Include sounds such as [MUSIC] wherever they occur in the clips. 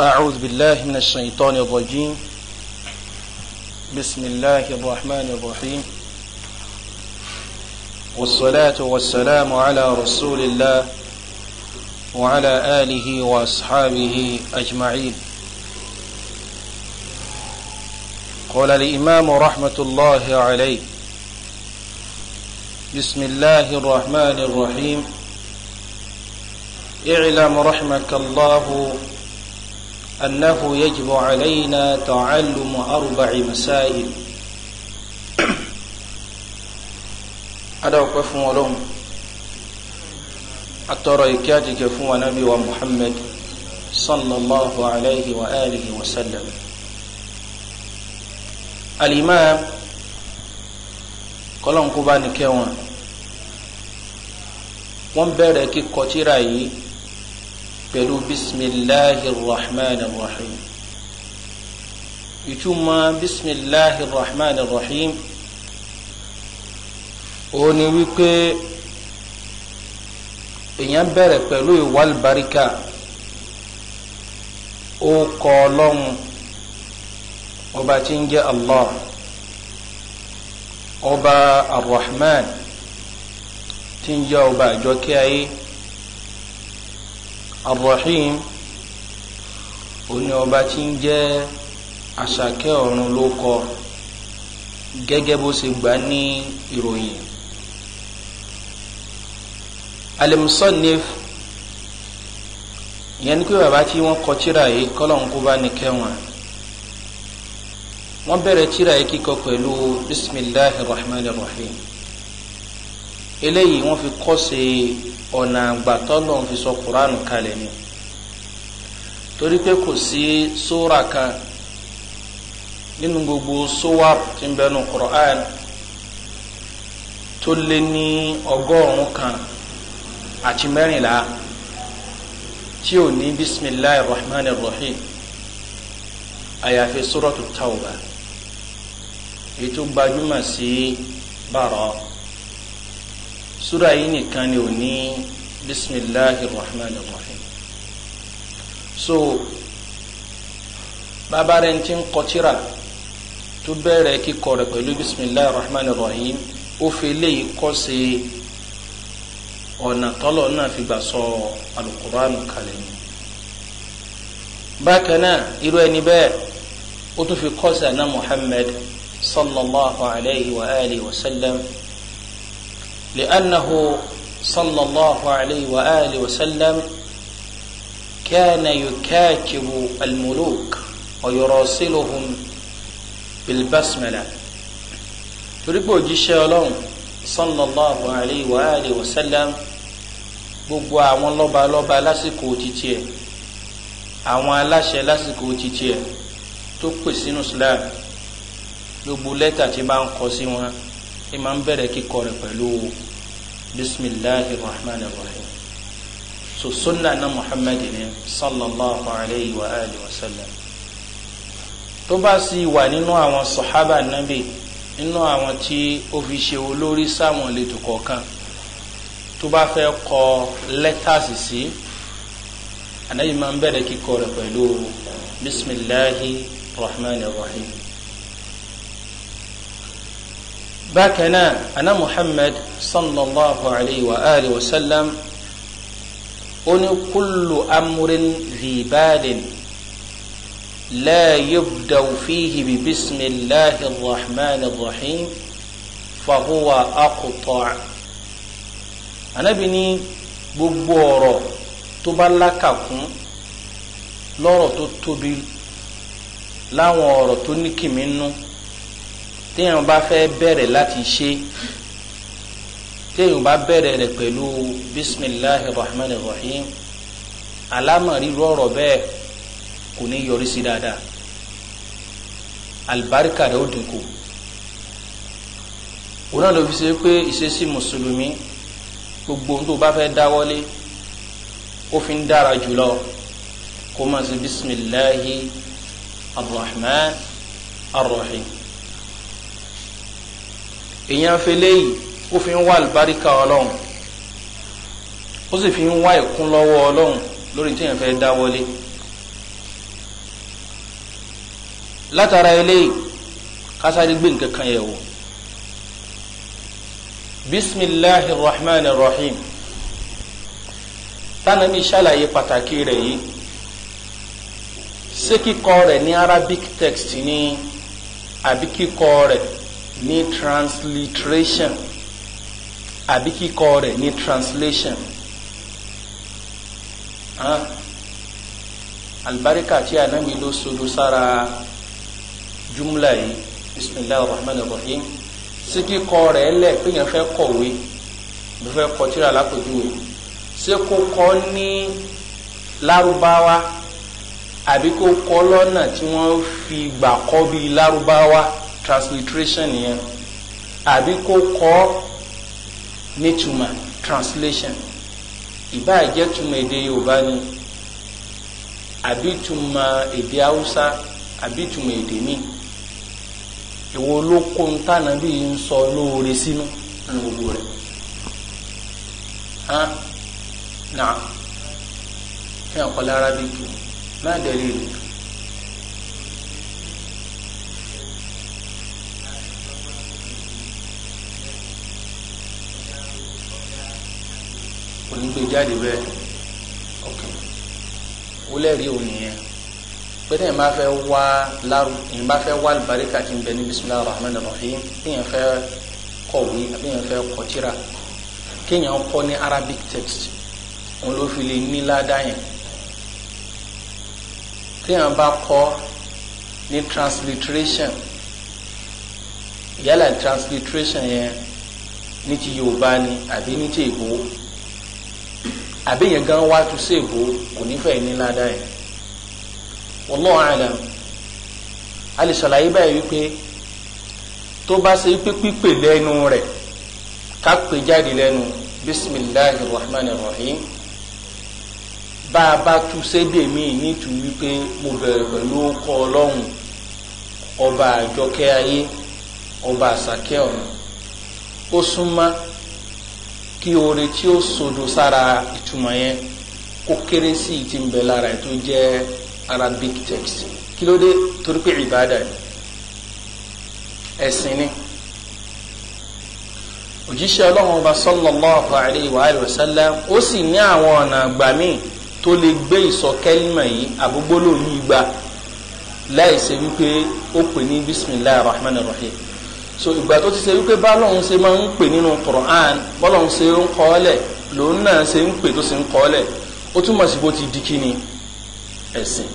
أعوذ بالله من الشيطان الرجيم بسم الله الرحمن الرحيم والصلاة والسلام على رسول الله وعلى آله وأصحابه أجمعين قال الإمام رحمة الله عليه بسم الله الرحمن الرحيم اعلم رحمك الله أنه يجب علينا تعلم أربع مسائل أدعوك فهم ولهم أترى إكاتك فهم نبي ومحمد صلى الله عليه وآله وسلم الإمام قال أنكم بانك يوم wọ́n bẹ̀rẹ̀ kíkọ tíra yìí pẹ̀lú bisimilahi rahman rahim ìtumọ̀ bisimilahi rahman rahim ó ní wípé èèyàn bẹ̀rẹ̀ pẹ̀lú ìwà àlùbáríkà ó kọ ọlọ́run ọba tí ń jẹ́ allah ọba arrahman tí ń jẹ́ ọba àjọkẹ́ ayé. Ar-Rahim òní ọba tí ń jẹ́ àṣàkẹ́ ọ̀run ló kọ gẹ́gẹ́ bó ṣe gbà ní ìròyìn Al-Musannif ìyẹn ni pé bàbá tí wọ́n kọ tírà yìí kọ́lọ́hún kó bá ní kẹwọn wọ́n bẹ̀rẹ̀ tírà yìí kíkọ pẹ̀lú bisimilahi rahman rahim eléyìí wọ́n fi kọ́ ṣe ọ̀nà àgbàtọ́lọ̀ fi sọ kuranu kalẹ̀ ni torí pé kò sí sóra kan nínú gbogbo sówar tí ń bẹ nu Qur'an tó lé ní ọgọ́rùn-ún kan àti mẹ́rìnlá tí ò ní bisimilahi rahman rahim àyàfi suratu tawba ètò gbajúmọ̀ sí bàrọ̀ súra yìí nìkan ni ò ní bisimilahi rahman rahim so bàbá rẹ̀ ti ń kọ tírà tó bẹ̀rẹ̀ kíkọ rẹ̀ pẹ̀lú bisimilahi rahman rahim ó fi léyìí kọ́ sí ọ̀nà tọ́lọ̀ náà fi gbà sọ alukuraanu kalẹ̀ ni bákan náà irú ẹni bẹ́ẹ̀ ó tún fi kọ́ sí àná muhammad sallallahu alayhi wa alihi wa sallam. لأنه صلى الله عليه وآله وسلم كان يكاتب الملوك ويراسلهم بالبسملة تريبو جيشالون صلى الله عليه وآله وسلم gbogbo àwọn lọ́balọ́ba lásìkò títí ẹ̀ àwọn aláṣẹ lásìkò títí ẹ̀ tó pè sínú Islam gbogbo lẹ́tà tí máa ń kọ sí wọn ẹ máa ń bẹ̀rẹ̀ kíkọ rẹ̀ pẹ̀lú bisimilahi rahman rahim so sunna na muhammadin sallallahu alayhi wa alihi wa sallam tó bá sì wà nínú àwọn sọ̀hábà nábì nínú àwọn tí ó fi ṣe olórí sáwọn ìletò kọ̀ọ̀kan tó bá fẹ́ kọ lẹ́tàsì sí ànábì máa ń bẹ̀rẹ̀ kíkọ rẹ̀ pẹ̀lú bisimilahi rahman rahim. bákan náà ana muhammad sallallahu alayhi wa alihi wa sallam ó ní kullu amrin zibalin la yubdaw fihi bi bisimilahi rahman rahim fahuwa akuta anabi ní gbogbo ọ̀rọ̀ tó bá lákàkún lọ́rọ̀ tó tóbi láwọn ọ̀rọ̀ tó ní kìmínú. No téèyàn bá fẹ́ bẹ̀rẹ̀ láti ṣe téèyàn bá bẹ̀rẹ̀ rẹ̀ pẹ̀lú bisimilahi rahman rahim alámọ̀rí rọ̀rọ̀ bẹ́ẹ̀ kò ní yọrí sí dáadáa alibarika rẹ̀ ó dínkù wọn náà ló fi ṣe pé ìṣesí mùsùlùmí gbogbo ohun tó bá fẹ́ dáwọ́lé ó fi ń dára jùlọ kó máa ṣe bisimilahi rahman rahim èèyàn fi léyìí ó fi ń wá àlùbáríkà ọlọ́run ó sì fi ń wá ìkún lọ́wọ́ ọlọ́run lórí tí èèyàn fẹ́ dá wọlé látara eléyìí kásáré gbé nǹkan kan yẹ̀ wò bisimilahi rahman rahim tánàbí ṣàlàyé pàtàkì rẹ̀ yìí ṣé kíkọ rẹ̀ ní arabic text ní àbí kíkọ rẹ̀ ní transliteration àbí kíkọ rẹ̀ ní translation hàn alibarika tí anami ló sodo sára jumla yìí bisimilahi rahman rahim sí kíkọ rẹ̀ lẹ̀ pé yẹn fẹ́ kọ̀wé bí fẹ́ kọ tírà lápèjúwe ṣé kó kọ ní lárúbáwá àbí kó kọ lọ́nà tí wọ́n fi gbà kọ́ bí lárúbáwá transliteration yẹn àbí kó kọ́ nítumọ̀ translation ìbáà jẹ́ túmọ̀ èdè Yorùbá ni àbí túmọ̀ èdè Haúsá àbí túmọ̀ èdè míì ìwo ló kó ń tànà bí n sọ lóore sínú nínú gbogbo rẹ̀ hàn náà kí n kọ́ lára bí dẹ̀ lè lò. gbé jáde bẹ́ẹ̀ ọ̀kan ó lẹ́rìí òun nìyẹn pé téèyàn bá fẹ́ wá lárú èèyàn bá fẹ́ wá àlùbáríkà tí ń bẹ ní bisimilahi rahman rahim téèyàn fẹ́ kọ̀wé àbí èèyàn fẹ́ kọtíra kéèyàn kọ́ ní arabic text òun ló fi lè ní ládàá yẹn téèyàn bá kọ́ ní transliteration yálà transliteration yẹn ní ti yorùbá ni àbí ní ti èkó àbẹ̀yẹn gan wá tu séèbó kò nífẹ̀ẹ́ ní ládàá yẹn wallahu alam a lè ṣàlàyé báyìí wípé tó bá ṣe wípé pípè lẹ́nu rẹ̀ ká pè jáde lẹ́nu bisimilahi rahman rahim bá a bá tu sédè míì nítu wípé mo bẹ̀rẹ̀ pẹ̀lú ọkọ ọlọ́run ọba àjọkẹ́ ayé ọba àṣàkẹ́ ọ̀run ó súnmọ́ kí oore tí ó sodo sára ìtumọ̀ yẹn kó kéré sí i ń bẹ lára ẹ̀ jẹ́ arabic text kí ló dé torí pé ìbáàdà ni ẹ̀sìn ni òjíṣẹ́ ọlọ́run ọba sallallahu alayhi wa alihi wa sallam ó sì ní àwọn ọ̀nà àgbà míì tó lè gbé ìsọkẹ́lìmọ̀ yìí àgbógbólóhùn yìí gbà láì ṣe wípé ó pè ní bismillahir rahmanir rahim so ìgbà tó ti ṣe wípé bọ́lọ́hún ṣe máa ń pè nínú Qur'an bọ́lọ́hún ṣe ń kọ́ ọ́ lẹ̀ lòun náà ṣe ń pè tó ṣe ń kọ́ ọ́ lẹ̀ ó túmọ̀ sí bó ti di kíni ẹ̀sìn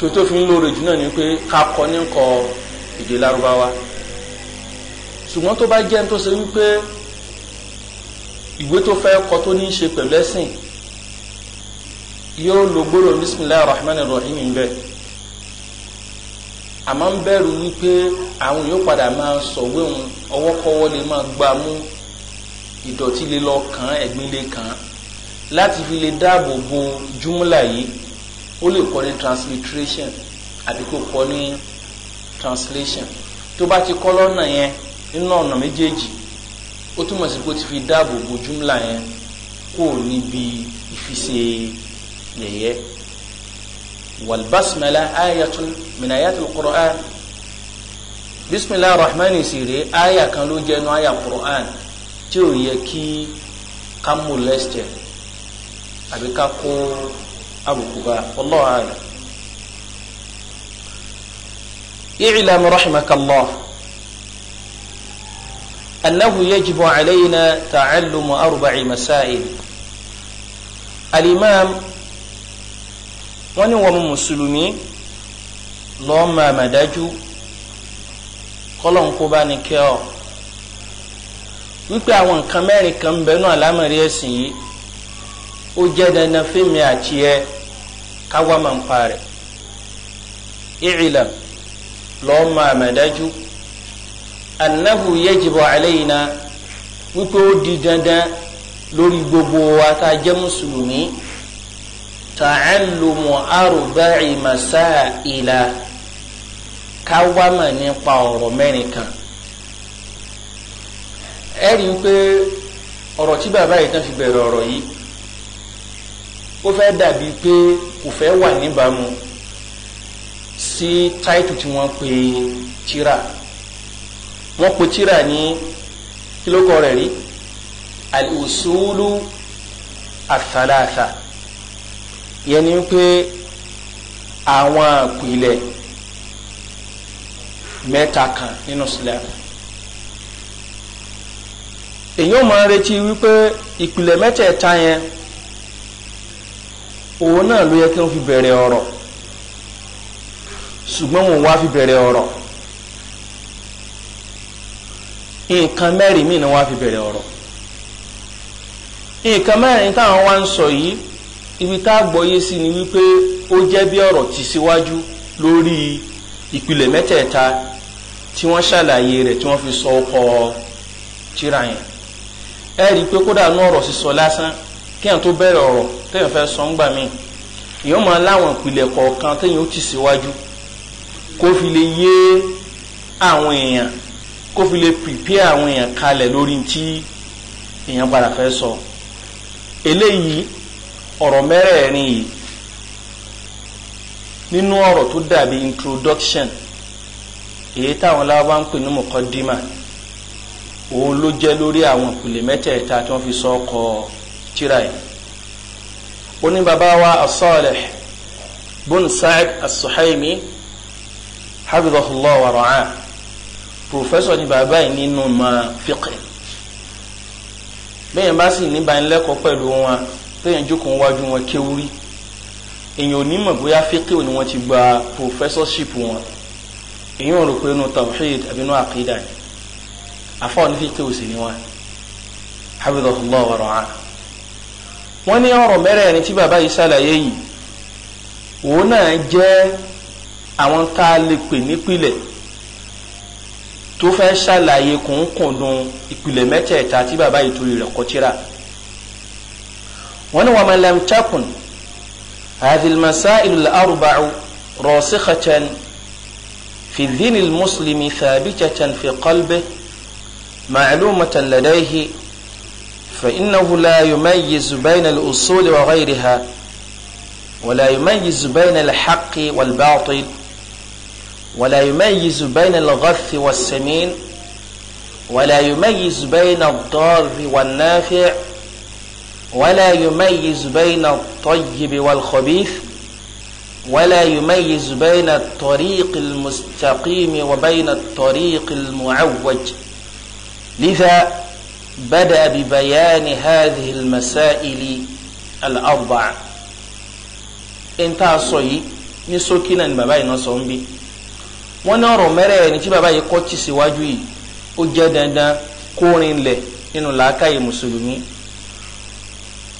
so tó fi ń lóore jù náà ni pé ká kọ́ ní kọ èdè lárúbáwá ṣùgbọ́n tó bá jẹ́ tó ṣe wípé ìwé tó fẹ́ kọ tó ní í ṣe pẹ̀lú ẹ̀sìn yóò lo gbólóhùn bismillahir rahmanir rahim bẹ́ẹ̀ àmọ́ ń bẹ̀rù wípé àwọn yóò padà máa sọ̀wé òun ọwọ́kọ́wọ́ lè máa gbá mú ìdọ̀tí lè lọ kàn án ẹ̀gbin lè kàn án láti fi lè dáàbò bo júmúlà yìí ó lè kọ́ ní transliteration àbí kò kọ́ ní translation tó bá ti kọ́ lọ́nà yẹn nínú ọ̀nà méjèèjì ó túmọ̀ sí pé ó ti fi dáàbò bo júmúlà yẹn kúrò níbi ìfisè yẹ̀yẹ́. والبسملة آية من آيات القرآن بسم الله الرحمن الرحيم آية كان ló jẹ́ nínú آية القرآن tí ó yẹ kí ká mú lẹ́sẹ̀ àbí ká اعلم رحمك الله أنه يجب علينا تعلم أربع مسائل الإمام wọ́n ní wọ́n mùsùlùmí lọ́ọ́ máa mà dájú kọ́lọ́n kó bá ní kẹ́ ọ wípé àwọn nǹkan mẹ́rin kan ń bẹ́nu àlámọ̀rí ẹ̀sìn yìí ó jẹ́ dandan fẹ́mi àti ẹ káwá máa ń pa rẹ̀ i'lam lọ́ọ́ máa mà dájú annahu wípé ó di dandan lórí gbogbo wa tá a jẹ́ mùsùlùmí ta'allumu arba'i masa'ila ká wá mọ̀ nípa ọ̀rọ̀ mẹ́rin kan ẹ rí i pé ọ̀rọ̀ tí bàbá yìí tán fi bẹ̀rẹ̀ ọ̀rọ̀ yìí ó fẹ́ dàbí pé kò fẹ́ wà níbàámu sí táìtù tí wọ́n pe tírà wọ́n pe tírà ní kílókọ rẹ̀ rí al-usulu al-thalatha. al usulu yẹn ni pé àwọn àpilẹ̀ mẹ́ta kan nínú Islam èyàn máa retí wípé ìpìlẹ̀ mẹ́tẹ̀ẹ̀ta yẹn òun náà ló yẹ kí wọ́n fi bẹ̀rẹ̀ ọ̀rọ̀ ṣùgbọ́n wọn wá fi bẹ̀rẹ̀ ọ̀rọ̀ nǹkan mẹ́rin míì ni fi bẹ̀rẹ̀ ọ̀rọ̀ nǹkan mẹ́rin táwọn wá ń sọ yìí ibi tá a gbọ́yé sí ni wípé ó jẹ́ bí ọ̀rọ̀ ti síwájú lórí ìpìlẹ̀ mẹ́tẹ̀ẹ̀ta tí wọ́n ṣàlàyé rẹ̀ tí wọ́n fi sọ ọkọ̀ tíra yẹn ẹ rí i pé kódà nú ọ̀rọ̀ sísọ lásán kéèyàn tó bẹ̀rẹ̀ ọ̀rọ̀ téèyàn fẹ́ sọ ń gbà míì èèyàn máa láwọn ìpìlẹ̀ kọ̀ọ̀kan téèyàn ó ti síwájú kó fi lè yé àwọn èèyàn kó fi lè pìpìẹ́ àwọn èèyàn kalẹ̀ lórí tí èèyàn padà fẹ́ sọ eléyìí ọ̀rọ̀ mẹ́rẹ̀ẹ̀rin yìí nínú ọ̀rọ̀ tó dàbí introduction èyí táwọn lábá ń pè ní mọ̀kọ́dímà òun ló jẹ́ lórí àwọn ìpìlẹ̀ mẹ́tẹ̀ẹ̀ta tí wọ́n fi sọ ọkọ̀ tíra yìí oní bàbá wa as-Salih bun Sa'id as-Suhaimi professor ni bàbá yìí nínú ma fiqh bẹ́ẹ̀ bá sì ní ìbánilẹ́kọ̀ọ́ pẹ̀lú wọn téèyàn jókòó wájú wọn kéwú rí èèyàn ò ní mọ̀ bóyá fíkìw ni wọ́n ti gba professorship wọn èèyàn rò pé inú tawhid àbí inú àkídà ni àfa òní fíkìw sì ni wọn Allah wa rọ̀hán wọ́n ní ọ̀rọ̀ mẹ́rẹ̀ẹ̀rin tí bàbá yìí ṣàlàyé yìí òun náà jẹ́ àwọn tá a lè pè nípìlẹ̀ tó fẹ́ ṣàlàyé kùnkùndùn ìpìlẹ̀ mẹ́tẹ̀ẹ̀ta tí bàbá yìí torí rẹ̀ kọ́ tíra. wani wa man lam takun هذه المسائل الأربع راسخة في الدين المسلم ثابتة في قلبه معلومة لديه فإنه لا يميز بين الأصول وغيرها ولا يميز بين الحق والباطل ولا يميز بين الغث والسمين ولا يميز بين الضار والنافع ولا يميز بين الطيب والخبيث ولا يميز بين الطريق المستقيم وبين الطريق المعوج لذا بدأ ببيان هذه المسائل الأربع انتهى الصيي ní ṣókí náà ni bàbá yìí náà sọ ń bí wọn ní ọ̀rọ̀ mẹ́rẹ̀ẹ̀rin tí bàbá yìí kọ tì síwájú yìí ó jẹ́ dandan kó rinlẹ̀ nínú làákàyè mùsùlùmí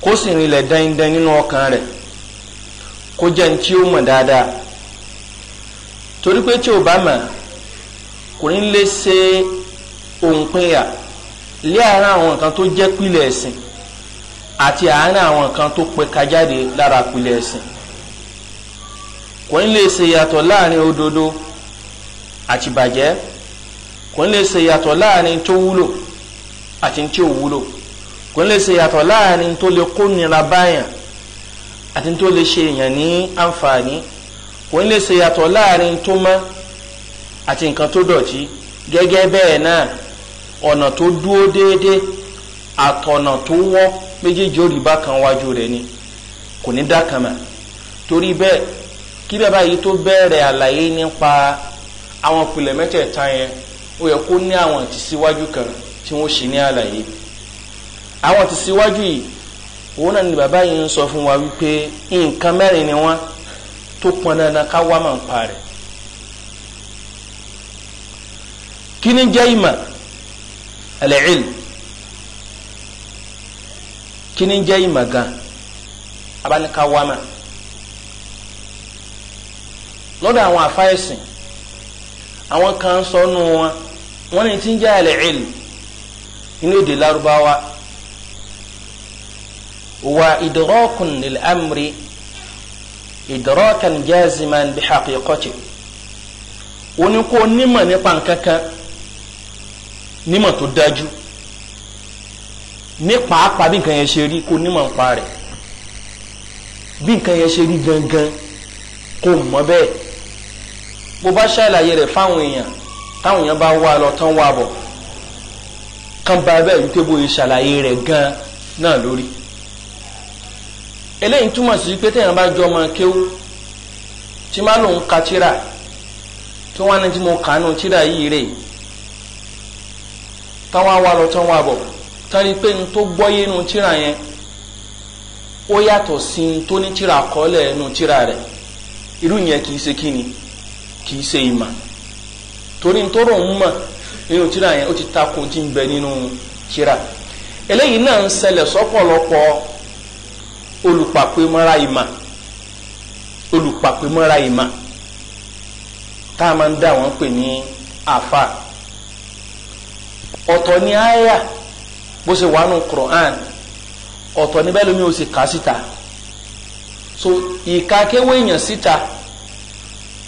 kó sì rinlẹ̀ dandan nínú ọkàn rẹ̀ kó jẹ́ ní tí ó mọ̀ dáadáa torí pé tí o bá mọ̀ kò ní lè ṣe òǹpinya lé àárín àwọn nǹkan tó jẹ́ pìlẹ̀ ẹ̀sìn àti àárín àwọn nǹkan tó pẹ̀ka jáde lára pìlẹ̀ ẹ̀sìn kò ní lè ṣe yàtọ̀ láàrin òdodo àti bàjẹ́ kò ní lè ṣe yàtọ̀ láàrin tó wúlò àti tí ò wúlò kò lè ṣe yàtọ̀ láàrin tó lè kó nira báyàn àti tó lè ṣe èèyàn ní àǹfààní kò lè ṣe yàtọ̀ láàrin tó mọ́ àti nǹkan tó dọ̀tí gẹ́gẹ́ bẹ́ẹ̀ náà ọ̀nà tó dúró déédéé àtọ̀nà tó wọ́ méjèèjì ò rí bákan wájú rẹ̀ ni kò ní dákan mà torí bẹ́ẹ̀ kí bàbá yìí tó bẹ̀rẹ̀ àlàyé nípa àwọn pìlẹ̀ mẹ́tẹ̀ẹ̀ta yẹn ó yẹ kó ní àwọn àtìsíwájú kan tí wọ́n ṣe ní àlàyé àwọn ti síwájú yìí òun náà ni bàbá yìí ń sọ fún wa wípé nǹkan mẹ́rin ni wọ́n tó pọn dandan ká wá màá pa rẹ̀ kí jẹ́ ìmọ̀ al-ilm kí ni jẹ́ ìmọ̀ gan abánika wá mà lọ́dọ̀ àwọn afáyẹ̀sìn àwọn kan sọ nù wọn wọ́n ní tí ń jẹ́ al inú èdè lárúbáwá. وإدراك للأمر إدراكا جازما بحقيقته oníkó nímọ̀ nípa nǹkankan nímọ̀ tó dájú ní pàápàá bí nǹkan yẹn ṣe rí kó nímọ̀ nípa rẹ̀ bí nǹkan yẹn ṣe rí gangan kó mọ̀ bẹ́ẹ̀ bó bá ṣàlàyé rẹ̀ fáwọn èèyàn táwọn èèyàn bá wá lọ tán wá bọ̀ kán bá bẹ́ẹ̀ wípé bóyá ṣàlàyé rẹ̀ gan náà lórí eléyìí túmọ̀ sí pé téèyàn bá jọ ọmọ kéwú tí má lòun ka tíra tí wọ́n ní tí mo kà á nù tíra yìí rèé táwọn á wá lọ tán wá bọ̀ tán rí i pé n tó gbọ́yé nù tíra yẹn ó yàtọ̀ sí n tó ní tíra kọ́lẹ̀ nù tíra rẹ̀ irú yẹn kì í ṣe kí ni kì í ṣe ìmọ̀ torí n tó rò ń mọ̀ nínú tíra yẹn ó ti takò tí ń bẹ nínú tíra eléyìí náà ń ṣẹlẹ̀ sọ́pọ̀lọpọ̀. So olùpàpémọ́ra ìmọ̀ olùpàpémọ́ra ìmọ̀ tá a máa ń dá wọn pè ní àfa ọ̀tọ̀ ni àyà bó ṣe wà nù Quran ọ̀tọ̀ níbẹ̀ lómi ò sì kà á síta so ìka kéwé èèyàn síta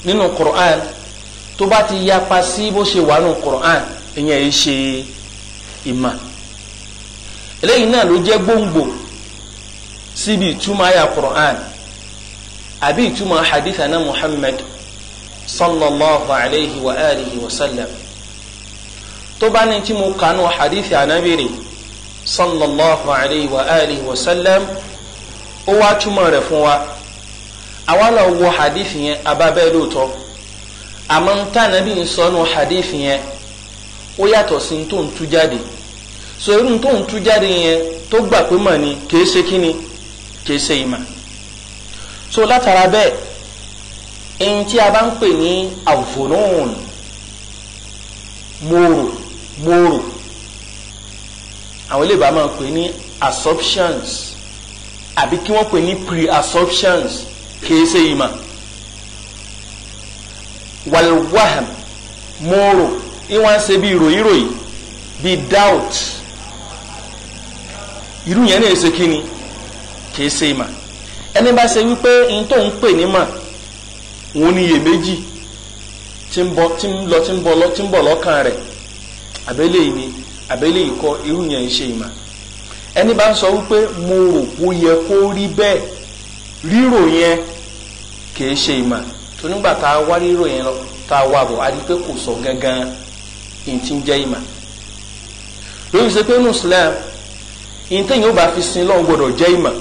nínú Quran tó bá ti yapa sí bó ṣe wà nù Quran ìyẹn yìí ṣe ìmọ̀ eléyìí náà ló jẹ́ gbòǹgbò síbi ìtumọ̀ àyà Qur'an àbí ìtumọ̀ hadith ana Muhammad sallallahu alayhi wa alihi wa sallam tó bá ní tí mo kànú hadith anabiri sallallahu alayhi wa alihi wa sallam ó wá túmọ̀ rẹ̀ fún wa àwa lọ wo hadith yẹn abábẹ́ lóòótọ́ àmọ́ ń tà nábì ń sọnù hadith yẹn ó yàtọ̀ sí tó ń tú jáde so irú tó ń tú jáde yẹn tó gbà pé mọ̀ ni kì ṣe kí ni kìí ṣe so látara bẹ́ẹ̀ ẹni tí a bá ń pè ní àwòfónóòn mòrò mòrò àwọn ilé ìbá máa pè ní assumptions àbí kí wọ́n pè ní pre-assumptions kìí ṣe ìmọ̀ walwaham mòrò ìwọ̀n ṣe bí ròyìnròyìn bí doubt irú yẹn náà ṣe kí kìí ṣe ìmọ̀ ẹni bá ṣe wípé n tó ń pè nímọ̀ òun ni iyèméjì tí ń bọ̀ tí ń lọ tí ń bọ̀ lọ tí ń bọ̀ lọ́kàn rẹ̀ àbẹ́lẹ̀ yìí ni àbẹ́lẹ̀ yìí kọ́ irú yẹn ń ṣe ìmọ̀ ẹni bá ń sọ wípé mo rò ó yẹ kó rí bẹ́ẹ̀ rírò yẹn kìí ṣe ìmọ̀ tó nígbà tá a wá rírò yẹn lọ tá a wá bọ̀ á di pé kò sọ gangan ìtì ń jẹ́ ìmọ̀ lóyún ṣe nù sílẹ̀ ìtẹ̀yìn ó bá fi sin lọ́wọ́ gbọ́dọ̀ jẹ́ ìmọ̀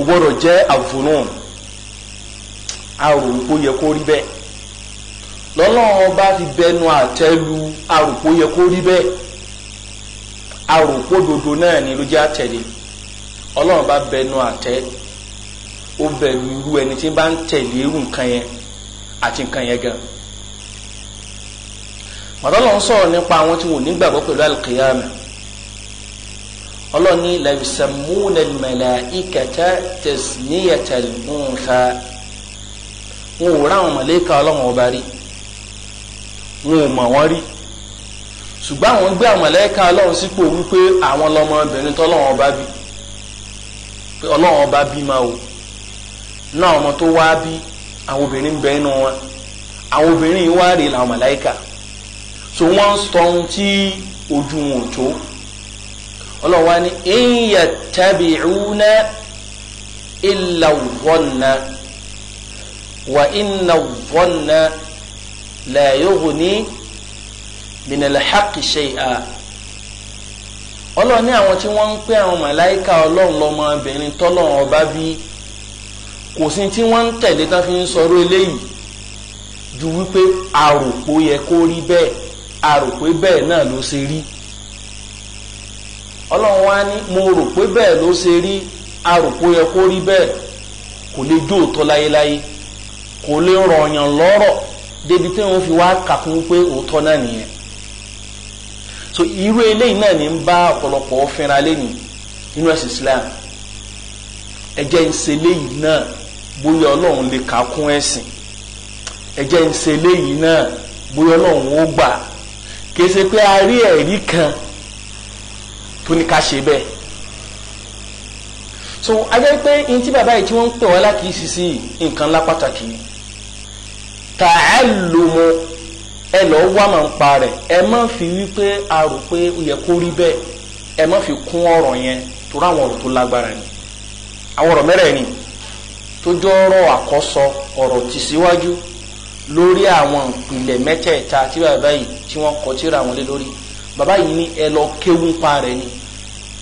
kò gbọ́dọ̀ jẹ́ àvùnún aròpó yẹ kó rí bẹ́ẹ̀ lọ́lọ́run bá fi bẹnu àtẹ́lu aròpó yẹ kó rí bẹ́ẹ̀ aròpó dodo náà ni ló jẹ́ àtẹ̀lé ọlọ́run bá bẹnu àtẹ́ ó bẹ̀rù irú ẹni tí bá ń tẹ̀lé irú nǹkan yẹn àti nǹkan yẹn gan màtọ́lọ́run sọ̀rọ̀ nípa àwọn tí wọ́n nígbàgbọ́ pẹ̀lú àlùkìyàmẹ́ ọlọ́ni lẹ́bìsàmúnà mẹ̀láìkàtà tẹ̀síníyàtà nǹka wọn ò ráwọn mọ̀lẹ́kà ọlọ́wọ́n ọba rí wọn ò mọ̀ wọ́n rí ṣùgbọ́n àwọn gbé àwọn mọ̀lẹ́kà ọlọ́wọ́n sípò wípé àwọn lọ́mọbìnrin tọ́lọ́wọ́n ọba bí pé ọba bí máa wò náà ọmọ tó wá bí àwọn obìnrin bẹ nínú wọn àwọn obìnrin yìí wá rè làwọn mọ̀lẹ́kà so wọ́n sọ ohun tí ojú wọn ò tó ọlọ́run wá ní in yattabi'una illa dhanna wa inna dhanna la yughni minal haqqi shay'a ọlọ́run ní àwọn tí wọ́n ń pè àwọn màláìka ọlọ́run lọ́mọbìnrin tọ́lọ́run ọba bí kò sí tí wọ́n ń tẹ̀lé tán fi ń sọ̀rọ̀ eléyìí ju wípé àròpó yẹ kó rí bẹ́ẹ̀ àròpé bẹ́ẹ̀ náà ló ṣe rí. ọlọ́run wá ní mo rò pé bẹ́ẹ̀ ló ṣe rí aròpó yẹ kó rí bẹ́ẹ̀ kò lè jó òótọ́ láyéláyé kò lè rọ̀yàn lọ́rọ̀ débi tí wọ́n fi wá kàkún pé òótọ́ náà nìyẹn so irú eléyìí náà ní ń bá ọ̀pọ̀lọpọ̀ fínra lẹ́nu nínú ẹ̀sìn Islam ẹ̀jẹ̀ ń ṣe léyìí náà bóyá ọlọ́run lè kàkún ẹ̀sìn ẹ̀jẹ̀ ń ṣe léyìí náà bóyá ọlọ́run ó gbà kì í ṣe pé a rí ẹ̀rí kan tó ní ká ṣe bẹ́ẹ̀ so ajẹ́ pé n tí bàbá yìí tí wọ́n ń pè wá lákìísí sí nǹkan ńlá pàtàkì tààlùmọ ẹ lọ wá màá ń pa rẹ̀ ẹ má fi wípé a rò pé ó yẹ kó rí bẹ́ẹ̀ ẹ má fi kún ọ̀rọ̀ yẹn torí àwọn ọ̀rọ̀ tó lágbára ni àwọn ọ̀rọ̀ mẹ́rẹ̀ ni tó jọ ọ̀rọ̀ àkọ́sọ ọ̀rọ̀ ti síwájú lórí àwọn ìpìlẹ̀ mẹ́tẹ̀ẹ̀ta tí bàbá yìí tí wọ́n kọ tíra wọn lé lórí bàbá yìí ní ẹ lọ kéwú pa rẹ̀ ni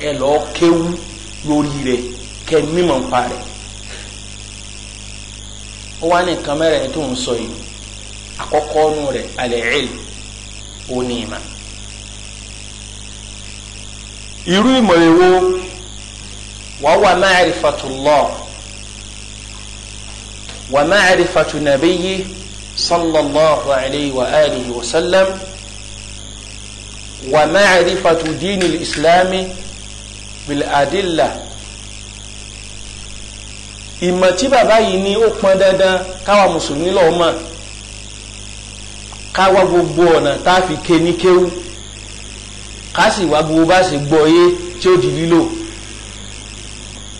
ẹ lọ́ọ́ kéwú lórí rẹ̀ kẹ́ mímọ̀ ń pa rẹ̀ ó wá ní nǹkan mẹ́rin tó ń sọ yìí àkọ́kọ́ nù rẹ̀ al-ilm ó ní ìmọ̀ irú ìmọ̀ èwo wà wà ma'rifatullah wà ma'rifatu nabiyyi sallallahu alayhi wa alihi wa sallam wà ma'rifatu dinil islami bil adilla ìmọ̀ tí bàbá yìí ní ó pọn dandan káwa mùsùlùmí lọ́ọ́ mọ̀ káwa gbogbo ọ̀nà tá a fi ké ní kéwú ká sì wá gbogbo bá sì gbọ́ yé tí ó di lílò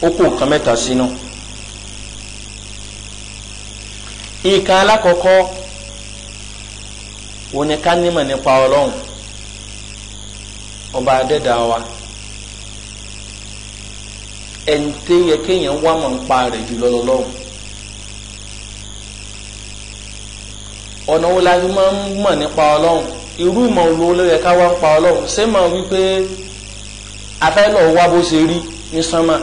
ó kó nǹkan mẹ́ta sínú. ìkan alákọ̀ọ́kọ́ òun ni ká nímọ̀ nípa ọlọ́run ọba adẹ́dàá wa ẹ̀ǹtẹ́ yẹ kéèyàn wá mọ̀ ń pa rẹ̀ jù lọ́lọ́lọ́hùn ọ̀nà wo la fi máa ń mọ̀ nípa ọlọ́hùn irú ìmọ̀ wo ló yẹ ká wá ń pa ọlọ́hùn ṣé mọ̀ wípé afẹ́ lọ wá bó ṣe rí ní sánmà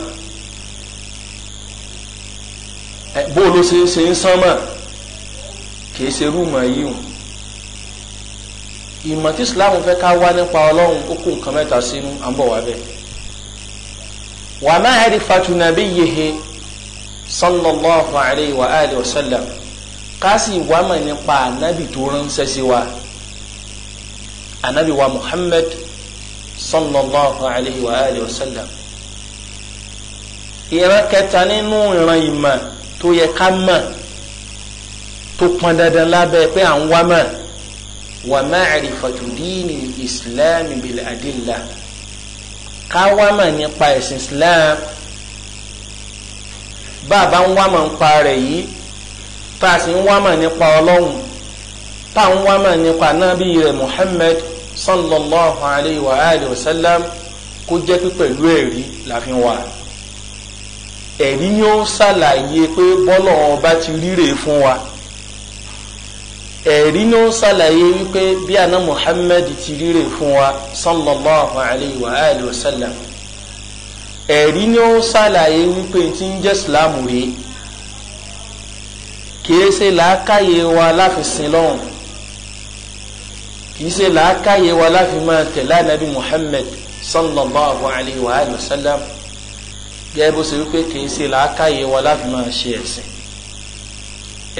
bó ló ṣe ń ṣe ń sánmà kìí ṣe irú ìmọ̀ yìí hùn ìmọ̀ tí Islam fẹ́ ká wá nípa ọlọ́hùn ó kó nǹkan mẹ́ta sínú à ń bọ̀ wá bẹ́ẹ̀ wa ma'rifatu nabiyyihi sallallahu alayhi wa alihi wa sallam kasi wa ma nípa anabi tó ránṣẹ́ sí wa anabi wa muhammad sallallahu alayhi wa alihi wa sallam ìran kẹta nínú ìran ìmọ̀ tó yẹ ká mọ̀ tó pọn dandan lábẹ́ pé à ń wá mọ̀ wa ma'rifatu dini islam bil adillah ká wá mà nípa ẹ̀sìn Islam bàbá ń wá mà nípa rẹ̀ yìí tá a sì ń wá mà nípa ọlọ́run tá a ń wá mà nípa nábì rẹ̀ Muhammad sallallahu alayhi wa alihi wa sallam kó jẹ́ pé pẹ̀lú ẹ̀rí la fi wà ẹ̀rí yóò ṣàlàyé pé bọ́lọ̀ ọba ti ríre fún wa ẹ̀rí ló ń ṣàlàyé wípé bí àná Muhammad ti rírè fún wa sallallahu alayhi wa alihi wa sallam ẹ̀rí ló ń ṣàlàyé wípé tí ń jẹ́ sìláàmù rèé kìí ṣe làákàyè wa láfi sin lọ́hùn kìí ṣe làákàyè wa láfi máa tẹ̀lé anabi muhammed sallallahu alayhi wa sallam gẹ́gẹ́ bó ṣe wípé kìí ṣe làákàyè wa láfi máa ṣe ẹ̀sìn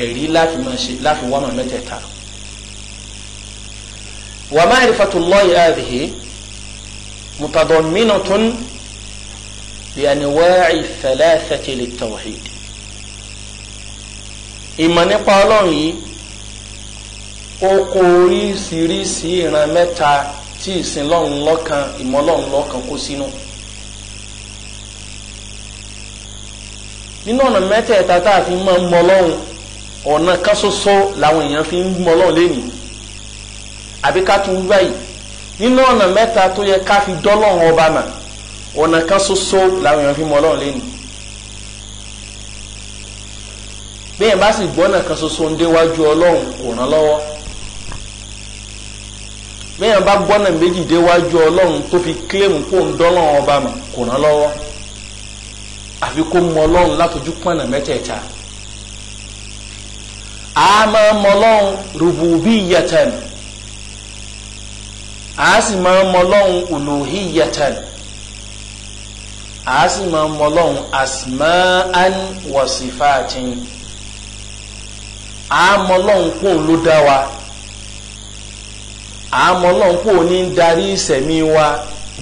ẹ̀rí láfi máa ṣe láfi wọ́n máa mẹ́tẹ̀ẹ̀ta wa ma'rifatullahi hadhihi mutadamminatun bi anwa'i thalathati lit-tawhid ìmọ̀ nípa ọlọ́run yìí ó kó oríṣiríṣi ìran mẹ́ta tí ìsìn lọ́run lọ́kan ìmọ̀ lọ́run lọ́kan kó sínú. nínú ọ̀nà mẹ́tẹ̀ẹ̀ta tá a fi máa ń mọ ọlọ́run ọ̀nà kan ṣoṣo làwọn èèyàn fi ń mọ ọlọ́run lẹ́yìn àbí ká tún wí báyìí nínú ọ̀nà mẹ́ta tó yẹ ká fi dọ́lọ́run ọba mà ọ̀nà kan ṣoṣo làwọn èèyàn fi mọ ọlọ́run lẹ́yìn bẹ́ẹ̀ bá sì gbọ́nà kan ṣoṣo ń déwájú ọlọ́run kò ràn lọ́wọ́ bẹ́ẹ̀ bá gbọ́nà méjì déwájú ọlọ́run tó fi kílẹ̀mù kó ń dọ́lọ́run ọba mà kò ràn lọ́wọ́ àfi mọ ọlọ́run látọjú pọ̀nà mẹ́tẹ̀ẹ̀ta a máa mọlọ́hún rububiyatan a sì máa mọlọ́hún uluhiyatan a sì máa mọlọ́hún asma'an wa sifatin a mọlọ́hún kó ló dá wa a mọlọ́hún kó ní darí ìsẹ̀mí wa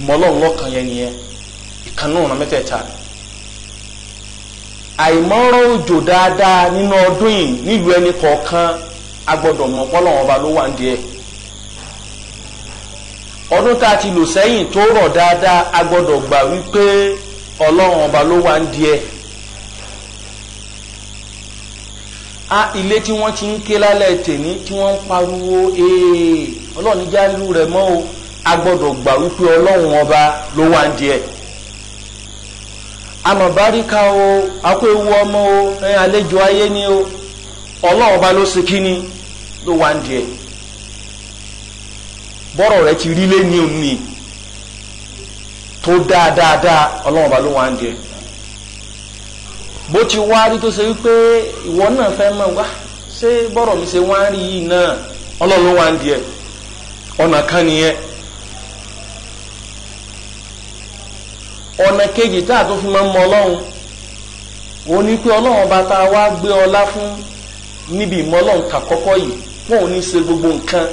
mọlọ́hún lọ́kàn yẹn nìyẹn ìkànnì ọ̀nà mẹ́tẹ̀ẹ̀ta rẹ̀ àìmọ́rọ̀ òjò dáadáa nínú ọdún yìí nílùú ẹni kọ̀ọ̀kan a gbọ́dọ̀ mọ̀ pọ́lọ́ wọn ba ló wà ń díẹ̀ ọdún tá a ti lò sẹ́yìn tó rọ̀ dáadáa a gbọ́dọ̀ gbà wípé ọlọ́run ọba ló wà ń díẹ̀ a ilé tí wọ́n ti ń ké lálẹ́ tèmi tí wọ́n ń pariwo ọlọ́run níjà lù rẹ̀ mọ́ o a gbọ́dọ̀ gbà wípé ọlọ́run ọba ló wà ń díẹ̀. amọ̀báríkà o akó ewu ọmọ o àlejò ayé ni o ọlọ́run bá ló ṣe ni ló wá ń bọ́rọ̀ rẹ ti rí lé ní òní tó dáadáa ọlọ́run bá ló wá ń bó ti wá rí tó ṣe wípé ìwọ náà fẹ́ mọ̀ wá ṣé bọ́rọ̀ mi ṣe wá rí yìí náà kan nìyẹn. ọ̀nà kejì tá a tó fi máa ń mọ ọlọ́run òun ni pé ọlọ́run bá tá a wá gbé ọlá fún níbi ìmọ̀ ọlọ́run kàkọ́kọ́ yìí fún òun ní ṣe gbogbo nǹkan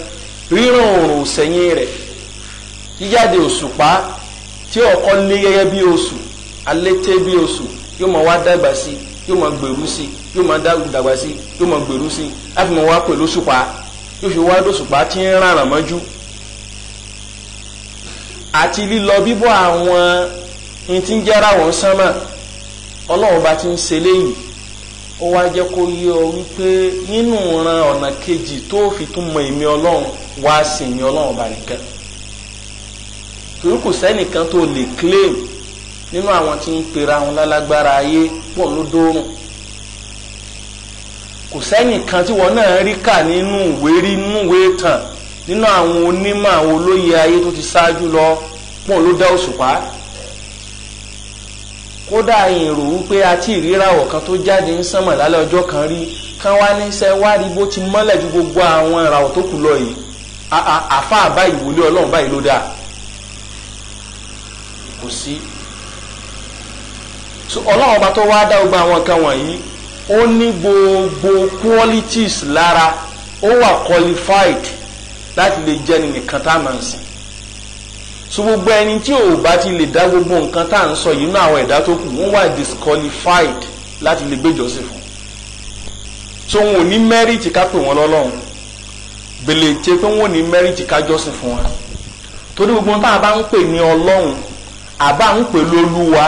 ríran oòrùn òsẹ̀yìn rẹ̀ yíyáde òṣùpá tí ọkọ lé gẹ́gẹ́ bí oṣù alété bí oṣù yóò máa wá dàgbà sí yóò máa gbèrú sí yóò máa dàgbà sí yóò máa gbèrú sí láti máa wá pẹ̀lú òṣùpá yóò fi wá dòṣùpá tí ń ràràn mọ́jú àti lílọ bíbọ̀ àwọn n ti ń jára wọn sánmà ọlọ́run bá ti ń ṣe léyìí ó wá jẹ́ kó yé ọ wípé nínú ran ọ̀nà kejì tó fi tún mọ èmi ọlọ́run wá sí èmi ọlọ́run bá nìkan torí kò sẹ́nìkan tó lè claim nínú àwọn tí ń pera àwọn lálágbára ayé pọ̀ ló kò sẹ́nìkan tí wọn náà rí kà nínú ìwé nínú ìwé tàn nínú àwọn onímọ̀ àwọn olóye ayé tó ti ṣáájú lọ pọ̀ ló òṣùpá kódà èrò wípé a ti ìríràwọ̀ tó jáde ń sánmọ̀ lálẹ́ ọjọ́ kan rí kán wá ní wá rí bó ti mọ́lẹ̀ ju gbogbo àwọn ìràwọ̀ tó kù lọ yìí àfa àbáyìí wòlé ọlọ́run báyìí ló dáa kò sí ọlọ́run ọba tó wá dá gbogbo àwọn nǹkan wọ̀nyí ó ní gbogbo qualities lára ó wà qualified láti lè jẹ́ nìkan tá a máa ń so gbogbo ẹni tí ò bá ti lè dá gbogbo nǹkan tá à ń sọ yìí nínú àwọn ẹ̀dá tó kù wọ́n wà disqualified láti lè gbéjọsìn fún so wọn ò ní mẹ́rìtì ká pè wọ́n lọ́lọ́run gbèlète pé wọn ò ní mẹ́rìtì ká jọ́sìn fún wa torí gbogbo tá a bá ń pè ní ọlọ́run àbá ń pè lólúwa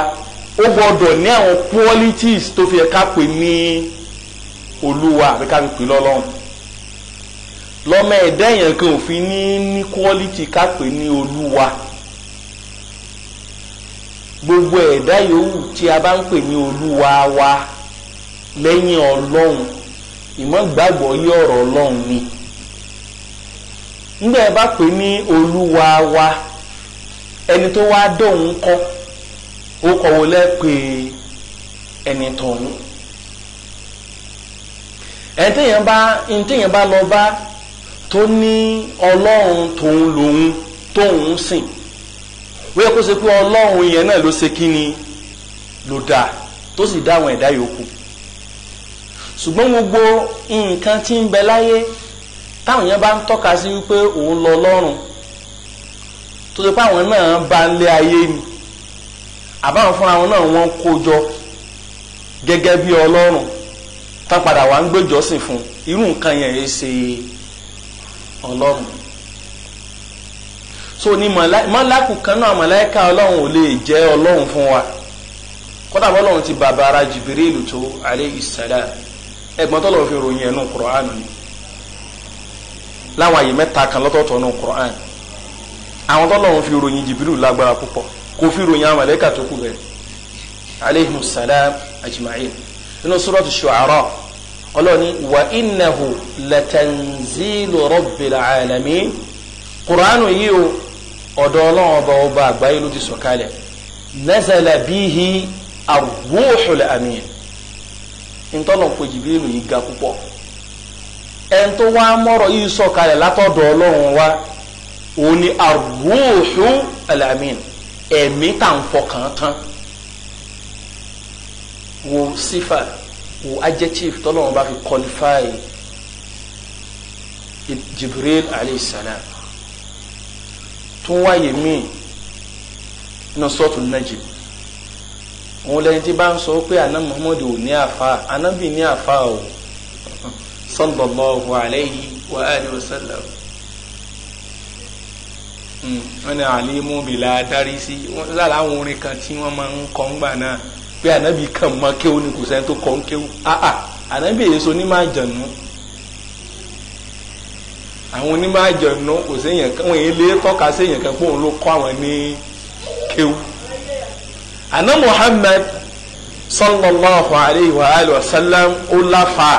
ó gbọ́dọ̀ ní àwọn qualities tó fi ká pè ní olúwa àbí ká fi pè lọ́lọ́run lọ́mọ ẹ̀dá èèyàn kan ò fi ní ní quality ká pè ní olúwa. gbogbo ẹ̀dá yòówù tí a bá ń pè ní olúwa wa lẹ́yìn ọlọ́run ìmọ̀gbàgbọ́ yí ọ̀rọ̀ ọlọ́run ni nígbà ẹ bá pè ní olúwa wa ẹni tó wá kọ kọ́ ó kọ̀wé lẹ́pẹ́ ẹni tọ̀hún ẹni bá ẹni bá lọ bá tó ní ọlọ́run tòun lòun wọ́n yẹ kó ṣe pé ọlọ́run yẹn náà ló ṣe kí ni ló dáa tó sì dá àwọn ẹ̀dá yòókù ṣùgbọ́n gbogbo nǹkan tí ń bẹ láyé táwọn yẹn bá ń tọ́ka sí wípé òun lọ lọ́rùn tó ṣe pé àwọn náà bá ń lé ayé ni àbáwọn fúnra wọn náà wọ́n kó jọ gẹ́gẹ́ bí ọlọ́run tán padà wà ń gbéjọ́sìn fún irú nǹkan yẹn ṣe ọlọ́run so ni mọ́lákù kan náà màláíkà ọlọ́run ò lè jẹ́ ọlọ́run fún wa kódà bọ́lọ́run ti bàbára Jibrilu tó alayhi salam ẹ̀gbọ́n tó lọ́ọ́ fi ròyìn ẹnu Qur'an ni láwọn àyè mẹ́ta kan lọ́tọ̀ọ̀tọ̀ nù Qur'an àwọn tó lọ́ọ́ fi ròyìn Jibrilu lágbára púpọ̀ kò fi ròyìn àwọn màláíkà tó kù bẹ́ẹ̀ alayhi salam ajma'in nínú suratu Shu'ara ọlọ́ni wa innahu latanzilu ọ̀dọ̀ ọlọ́run ọba ọba àgbáyé ló ti sọ̀kalẹ̀ nazala bihi ar-ruhul amin ntọ́nà pé Jibrilu yìí ga púpọ̀ ẹn tó wá mọ́rọ̀ yìí sọ̀kalẹ̀ látọ̀dọ̀ ọlọ́run wa òun ni ar-ruhul ẹ̀mí tà ń fọkàn tán wo sífà wo adjective tọ́lọ́run bá fi qualify Jibril alayhi salam tún wáyé míì nínú sọ́ọ̀tù nàjì òun lẹni tí bá ń sọ pé àná muhammadu ò ní àfa ànábì ní àfa o [LAUGHS] sallallahu alayhi wa alihi wa sallam hmm, wọ́n ní alimu bìlà darí sí lára àwọn orin kan tí wọ́n máa ń kọ́ ńgbà náà pé ànábì kan mọ́ kéwù ni kò sẹ́ni tó kọ́ ń kéwù ànábì èso ní máa jẹ̀nu àwọn onímọ̀-àjọ̀nù kò séèyàn kan wọ́n yẹn lé tọ́ka séèyàn kan pé òun ló kọ́ àwọn ní kéwù. àná Muhammad sallallahu alayhi wa alayhi wa sallam ó láfa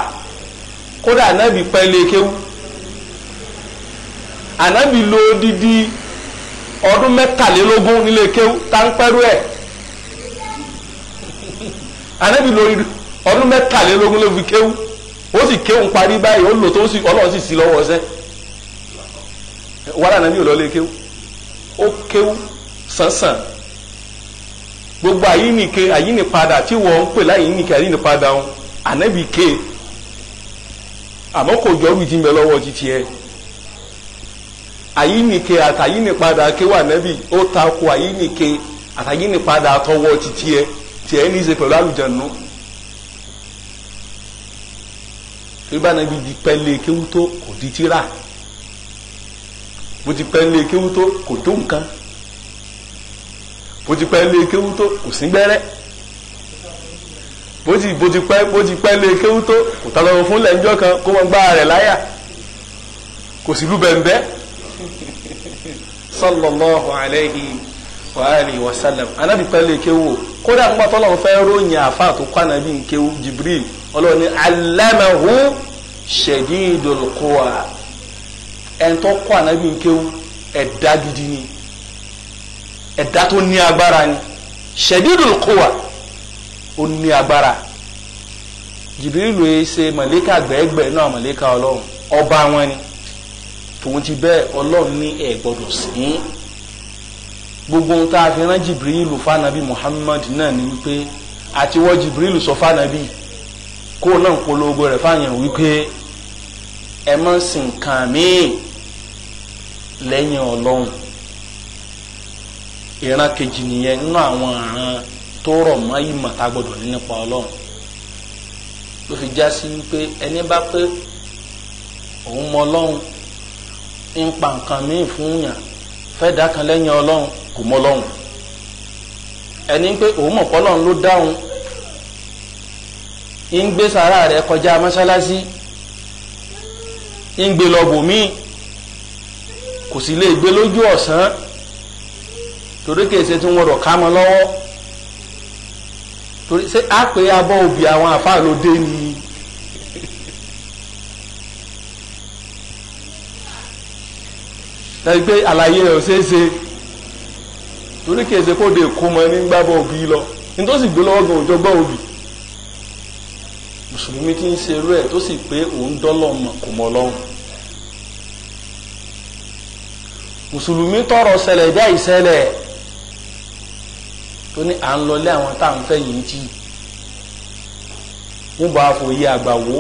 kódà ànábì pẹ́ẹ́lẹ́ kéwù ànábì lo odidi ọdún mẹ́tàlélógún nílé kéwù tá ń pẹ́rú ẹ̀ ànábì lo ọdún mẹ́tàlélógún ló fi kéwù ó sì kéwù parí báyìí ó lò tó ọlọ́run sì sí lọ́wọ́ ọ̀sẹ́. wàrà nàbí ò lọlé kéwú ó kéwú sánsan gbogbo àyínìke àyínìpadà tí wọ́n ń pè láyínìke àyínìpadà wọn ànábì ké àmọ́ kò jọ ọ́rù ti ń bẹ lọ́wọ́ títí ẹ àyínìke àtàyínìpadà kéwà ànábì ó takò àyínìke àtàyínìpadà àtọwọ́ títí ẹ tí ẹ ní í ṣe pẹ̀lú àlùjànnú. ìbánabi di pẹ́lẹ́ kéwú tó kò di tíra. bó ti pẹ́ lé kéwú tó kò tó nǹkan bó ti pẹ́ lé kéwú tó kò sí gbẹ́rẹ́ bó ti bó ti pẹ́ bó ti pẹ́ lé kéwú tó kò tá lọ́wọ́ fún lẹ́njọ́ kan kó wọ́n gbá rẹ̀ láyà kò sí lú bẹ̀m̀bẹ́ sallallahu alayhi wa alihi wa pẹ́ lé kéwú kódà nígbà tó lọ́wọ́ fẹ́ ròyìn àfa tó kọ́ anabi kéwú jibril ọlọ́run ni alamahu shadidul quwa. ẹ̀ńtọ́ kọ́ ànábì ń kéwú gidi ni ɛda tó ní agbára ni ṣẹ̀dídùn kọ́wà ó ní agbára jìbìrìlù yìí e se malika gbẹ́gbẹ́ náà malika ọlọ́run ɔba wọn ni tòun ti bẹ́ẹ̀ ọlọ́run ní ẹ̀ gbọ́dọ̀ gbogbo ohun tá a fi anabi jìbìrìlù fànàbí Muhammad náà ni wípé àtiwọ́ jìbìrìlù sọ fànàbí kó náà polówó rẹ̀ fáyàn wípé. ẹ má sìn nǹkan míì lẹ́yìn ọlọ́run ìran kejì nìyẹn nínú àwọn àrùn tó rọ̀ mọ́ ìmọ̀ tá a gbọ́dọ̀ ní nípa ọlọ́run ló fi já sí wípé ẹni bá pé òun mọ ọlọ́run ń pa nǹkan míì fún yàn fẹ́ dá kan lẹ́yìn ọlọ́run kò mọ ọlọ́run ẹni pé òun mọ̀ pọ́lọ́run ló dáhùn ń gbé sàárà rẹ̀ kọjá mọ́sálásí ń gbé lọ bòmíì kò sì lè gbé lójú ọ̀sán torí kèsè tí wọ́n rọ̀ ká mọ́ lọ́wọ́ torí ṣé á pé abọ́ òbí àwọn àfáà ló dé ni. láti pé àlàyé rẹ̀ ò ṣeé ṣe torí kèsè kó de kó mọ nígbàbọ̀ òbí lọ nítorí sì gbé lọ́wọ́ gan òjọ́gbọ́ òbí mùsùlùmí tí ń ṣerú ẹ̀ tó sì pé òun dọ́lọ̀ kò mọ̀ lọ́hùn mùsùlùmí tọrọ ṣẹlẹ̀ dá ìṣẹlẹ̀ tó ní à ń lọlé àwọn tá à ń fẹ́ yìí jí wọn bá fòye àgbà wò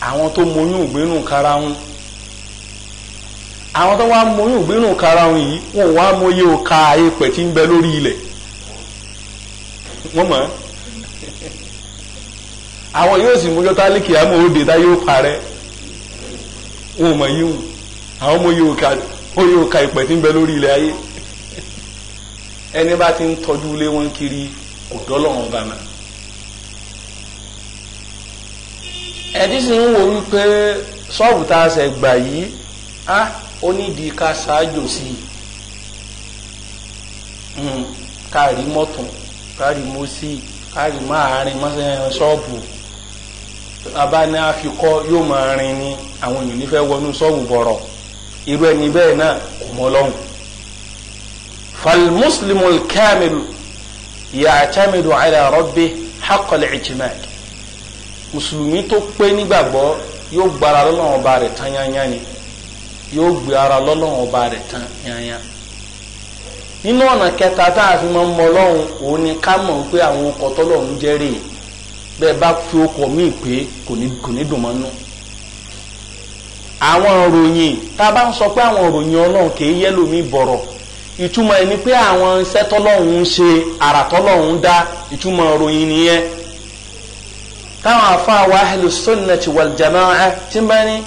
àwọn tó moyún ìgbénú kára wọn àwọn tó wá moyún ìgbénú kára wọn yìí wọn wá mọyé òka ayé pẹ̀ tí ń bẹ lórí ilẹ̀ wọ́n mọ̀ ẹ́ àwọn yóò sì mújọ́ tálíkì àmọ́ òde tá yóò parẹ́ wọn ò mọ̀ yíwù àwọn ọmọ yóò ka ó yóò ka ìpẹ́ tí ń bẹ lórí ilẹ̀ ayé ẹni bá ti ń tọ́jú ilé wọn kiri kò dọ́lọ́wọ́n bá náà. ẹ̀dí sì ń wo wípé ṣọ́ọ̀bù tá a ṣe gbà yìí á ó nídìí ká ṣáájò sí i hmm, ká rí mọ́tò ká rí mọ́sí ká rí máa rìn mọ́sẹ̀ ṣọ́ọ̀bù. abáni na yóò máa rin ni àwọn èèyàn nífẹ̀ẹ́ wọnú sọ́ọ̀bù bọ̀rọ̀ irú ẹni bẹ́ẹ̀ náà kò mọ Ọlọ́hun falmuslimul kamilu ya'tamidu ala rabbih haqqal i'timad mùsùlùmí tó pé nígbàgbọ́ yóò gbara lọ́lọ́run ọba rẹ̀ tán yányá ni yóò ara lọ́lọ́run rẹ̀ tán yányá nínú ọ̀nà kẹta tá a fi máa mọ òun ni ká mọ̀ pé àwọn ọkọ̀ jẹ́rìí bẹ́ẹ̀ bá fi okọ̀ míì pé kò ní kò ní dùn mọ́ nú. àwọn òròyìn tá a bá ń sọ pé àwọn òròyìn ọlọ́run kì í yẹ́ lómi bọ̀rọ̀ ìtumọ̀ ẹ̀ ni pé àwọn iṣẹ́ tọ́lọ́run ń ṣe àrà tọ́lọ́run dá ìtumọ̀ òròyìn nìyẹn táwọn afa wa ahlu sunnati wal jamaa tí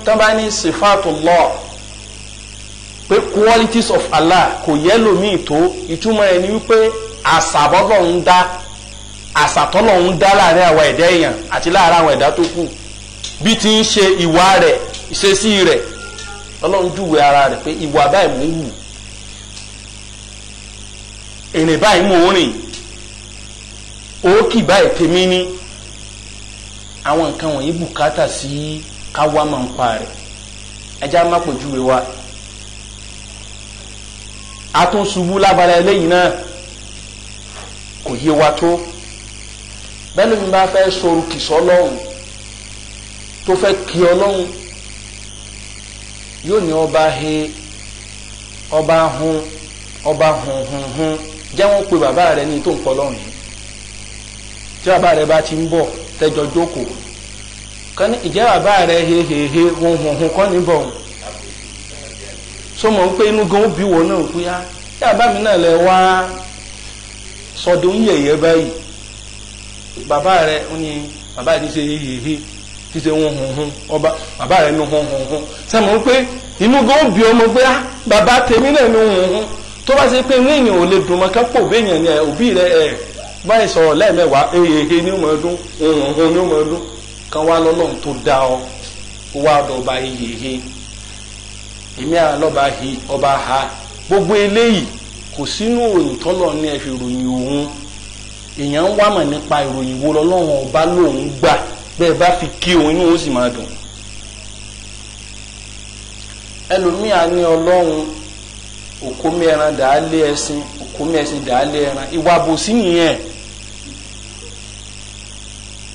bá bá ní sifatullah pé qualities of Allah kò yẹ́ lómi tó ìtumọ̀ ẹ̀ ni wípé àṣà dá àsàtọ́nà ń dá láàrin àwọn ẹ̀dá èèyàn àti láàrin àwọn ẹ̀dá tó kù bí ti ń ṣe ìwà rẹ̀ ìṣesí rẹ̀ ọlọ́run júwe ara rẹ̀ pé ìwà báyìí mò ń wù ìrìn báyìí mò ń rìn òókì báyìí tèmi ní àwọn nǹkan wọ̀nyí bùkátà sí káwá máa ń pa rẹ̀ ẹja má pò júwe wa a tún ṣubú lábala eléyìí náà kò yé wa tó. bẹ́ẹ̀ m mi bá fẹ́ sọ̀rọ̀ kìsọ́ lọ́hùn tó fẹ́ kí ọlọ́hùn yóò ní ọba he ọba hun ọba hun hun hun jẹ́ wọ́n pe bàbá rẹ ní tó ń pọ̀ lọ́hùn yìí tí bàbá rẹ bá ti ń bọ̀ tẹ́jọ jókòó kọ́ni ìjẹ́ bàbá rẹ hun hun hun kọ́ ní bọ̀ sọmọ pé inú gan bí náà ah, mi bàbá rẹ ń ní bàbá yìí ṣe he ti ṣe hun hun hun ọba bàbá rẹ nu hun hun hun sẹ́mu pé inú gan bí ọmọ pé ah Baba, tèmi náà nu hun hun tó bá ṣe pé inú èèyàn ò lè dùn mọ́ kápò béèyàn ni òbí rẹ ẹ̀ báyìí sọ̀rọ̀ lẹ́ẹ̀mẹ́wàá ehehe ní ọmọ ọdún hun hun ní ọmọ ọdún kan wá lọ́lọ́run tó dá ọ wá dọ̀ba ehehe èmi àlọ́ba hi ọba ha gbogbo eléyìí kò sínú òyìntọ́lọ́ ní ẹ fi ròyìn òun èèyàn ń wámọ̀ nípa ìròyìn wo lọ́lọ́run ọba lòun gbà bẹ́ẹ̀ bá fi kí òun inú òun sì máa dùn ẹlòmíà ní ọlọ́run òkómi ẹran dàálé ẹṣin òkómi ẹṣin dàálé ẹran ìwà àbòsí nìyẹn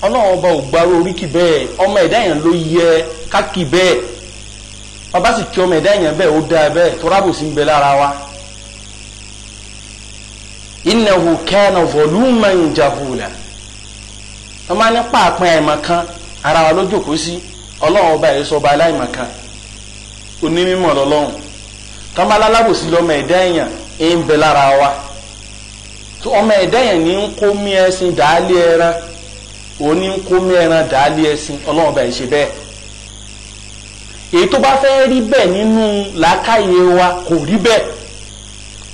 ọlọ́run ọba ò gbárò oríkì bẹ́ẹ̀ ọmọ ẹ̀dá yẹn ló yẹ kákì bẹ́ẹ̀ bàbá sì kí ọmọ ẹ̀dá yẹn bẹ́ẹ̀ ó dáa bẹ́ẹ̀ tọ́rábòsí ń bẹ lára wa innahu kana zaluman jahula wọ́n máa ní pàápàá ẹ̀mọ̀ kan ara wa ló jókòó sí ọlọ́run ọba ẹ̀sọ́ ọba aláìmọ̀ kan onímọ̀ lọ́lọ́run tọ́mọ́lá lábòsí lọ́mọ ẹ̀dá èèyàn ń bẹ lára wa tó ọmọ ẹ̀dá èèyàn ní ń kó mí ẹṣin dàálé ẹran òní ń kó mí ẹran dàálé ẹṣin ọlọ́run ọba ẹ̀ṣẹ̀ bẹ́ẹ̀ èyí tó bá fẹ́ rí bẹ́ẹ̀ nínú làákàyè wa kò rí bẹ́ẹ̀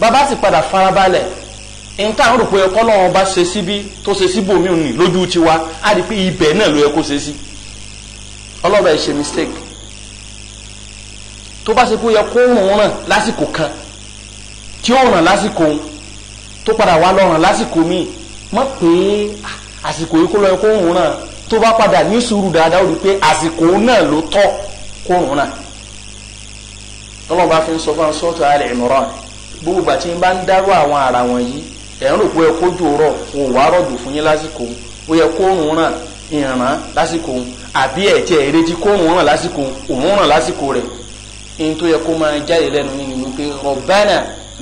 bàbá sì padà farabalẹ̀ nta àwọn òpó ẹkọ lọ́wọ́ bá ṣe síbi tó ṣe síbò mí òní lójú tiwa á rí i pé ibẹ̀ náà ló yẹ kó ṣe sí ọlọ́ba ẹ̀ ṣe mistake tó bá ṣe kó yẹ kó rùn ràn lásìkò kan tí ó ràn lásìkò tó padà wá lọ ràn lásìkò míì mọ̀ pé ah, àsìkò yìí kó lọ yẹ kó rùn ràn tó bá padà ní sùúrù dáadáa ó rí i pé àsìkò náà ló tọ́ kó rùn ràn ọlọ́ba fi ń sọ fún ọ sọ́ọ̀tù Al Imran gbogbo ìgbà tí bá ń dárú àwọn ara wọn yìí ẹ̀ ń rò pé kójú rọ̀ wò wá rọ̀jò fún yín lásìkò ó yẹ kóòrùn ràn ìràn lásìkò àbí ẹ̀jẹ̀ ìrètí kóòrùn ràn lásìkò òun ràn lásìkò rẹ̀ ní tó yẹ kó máa jáde lẹ́nu yín ni pé Rabbana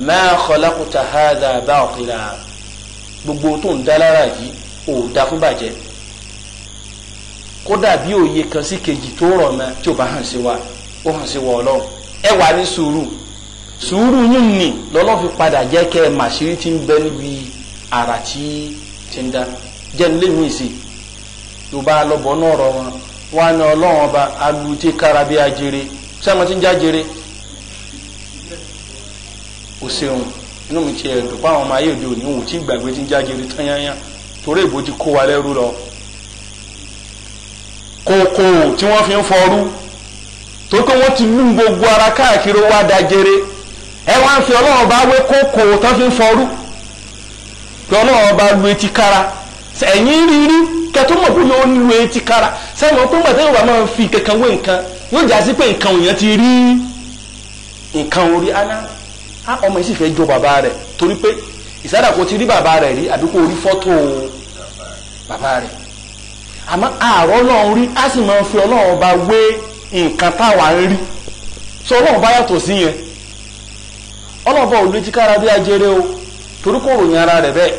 ma khalaqta hadha batila gbogbo tó ń dá lára yìí ò dá fún bàjẹ́ kódà bí òye kan sí kejì tó rọ̀ mọ́ tí ò bá hàn sí wa ó hàn sí wa ọlọ́run ẹ wà ní sùúrù sùúrù yín ni lọ́lọ́ fi padà jẹ́ kẹ́ ẹ màṣírí ti ń bẹ níbi àrà tí ti ń dá jẹ́ nílé mi sí yorùbá lọ́bọ̀ náà rọ wọn wọn á ní ọlọ́run ọba alùtí kára bí ajere sẹ́wọ̀n ti ń jájere o ṣeun inú mi ti ẹ̀ dùn fáwọn ọmọ ayé òde òní wò tí gbàgbé ti ń jájere tán yányán torí ìbò ti kó wa lẹ́rú lọ kòkò tí wọ́n fi ń fọrú tó pé wọ́n ti mú gbogbo ara káàkiri wá dajere ẹ wá ń fi ọlọ́run bá wé kókò tán fi ń fọrú pé ọlọ́run bá lu etí kára ẹ̀yìn rírí kẹtó mọ̀ pé yóò lu etí kára sẹ́wọ̀n pé gbàtẹ́ yorùbá máa ń fi kankan wé nǹkan yóò já sí pé nǹkan òyìn ti rí nǹkan orí aná ọmọ yìí sì fẹ́ jọ bàbá rẹ̀ torí pé ìsádà ti rí bàbá rẹ̀ rí àbí kò rí fọ́tò bàbá rẹ̀ àmọ́ àárọ̀ ọlọ́run rí a sì máa ń fi ọlọ́run bá wé nǹkan táwa ń rí sọ ọlọ́run bá yàtọ̀ sí yẹn ọlọ́ọ̀bọ̀ olójíkára bí ajere o torí kò ròyìn ara rẹ̀ bẹ́ẹ̀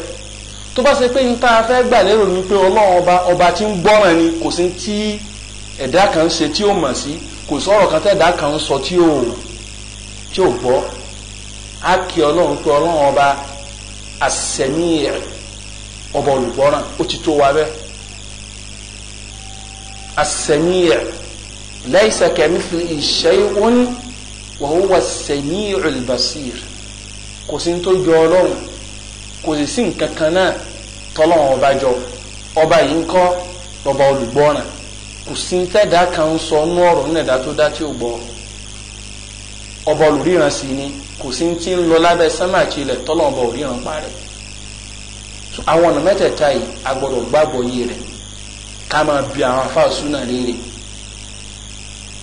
tó bá ṣe pé n tá a fẹ́ gbà lérò ni pé ọlọ́run ọba ọba tí ń gbọ́ràn ni kò sí tí ẹ̀dá kan ṣe tí ó mọ̀ sí kò sọ̀rọ̀ kan tẹ̀dá kan sọ tí ó tí ó gbọ́ á kí ọlọ́run pé ọlọ́run ọba àṣẹ̀mí rẹ̀ ọba olùgbọ́ràn ó ti tó wa bẹ́ẹ̀ àṣẹ̀mí rẹ̀ laysa kamithlihi shay'un wa huwa as-sami'ul basir kò sí tó jọ ọlọ́run kò sì sí nǹkan kan náà tọ́lọ́run ọba jọ ọba yìí ń kọ́ lọ́ba olùgbọ́ràn kò sí tẹ́dá kan ń sọ nú ọ̀rọ̀ nínú ẹ̀dá tó dá tí ò gbọ́ ọba olùríran sí ni kò sí ti ń lọ lábẹ́ sámàkì ilẹ̀ ọba olùríran parẹ́ àwọn ọ̀nà mẹ́tẹ̀ẹ̀ta yìí a gbọ́dọ̀ gbàgbọ́ yé rẹ̀ ká máa bi àwọn afáàsú náà léèrè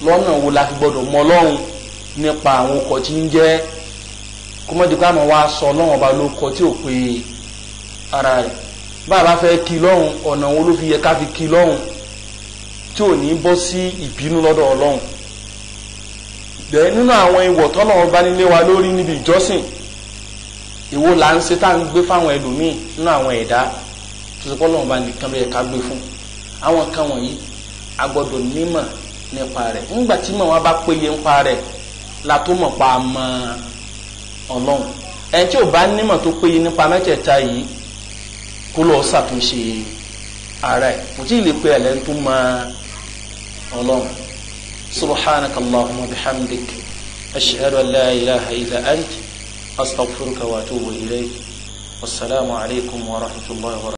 lọ́nà wo la fi gbọ́dọ̀ mọ ọlọ́run nípa àwọn ọkọ̀ tí ń jẹ́ kọ́mọ́dékọ́ àmọ́ wa sọ ọlọ́run ọba ló tí ò pé ara rẹ̀ bàbá fẹ́ kí ọ̀nà wo ló fi yẹ fi kí lọ́hùn tí ò ní bọ́ sí ìbínú lọ́dọ̀ ọlọ́run bẹ́ẹ̀ nínú àwọn ìwọ̀ tọ́lọ́run bá nílé wa lórí níbi ìjọsìn ìwo là ń ṣe tá à ń gbé fáwọn ẹlòmíì nínú àwọn ẹ̀dá tó ṣe nìkan bẹ́ẹ̀ ká gbé fún àwọn kan wọ̀nyí nímọ̀ nípa la tó mọ̀ pa mọ́ ọlọ́run ẹni tí ò bá nímọ̀ tó péye nípa mẹ́tẹ̀ẹ̀ta yìí kó lọ ṣàtúnṣe ààrẹ kò tí ì lè pe ẹ̀lẹ́ tó mọ ọlọ́run subhanaka allahumma bihamdik ashhadu an la ilaha illa ant astaghfiruka wa atubu ilayk wasalaamu alaykum wa rahmatulahi wa barakatuh.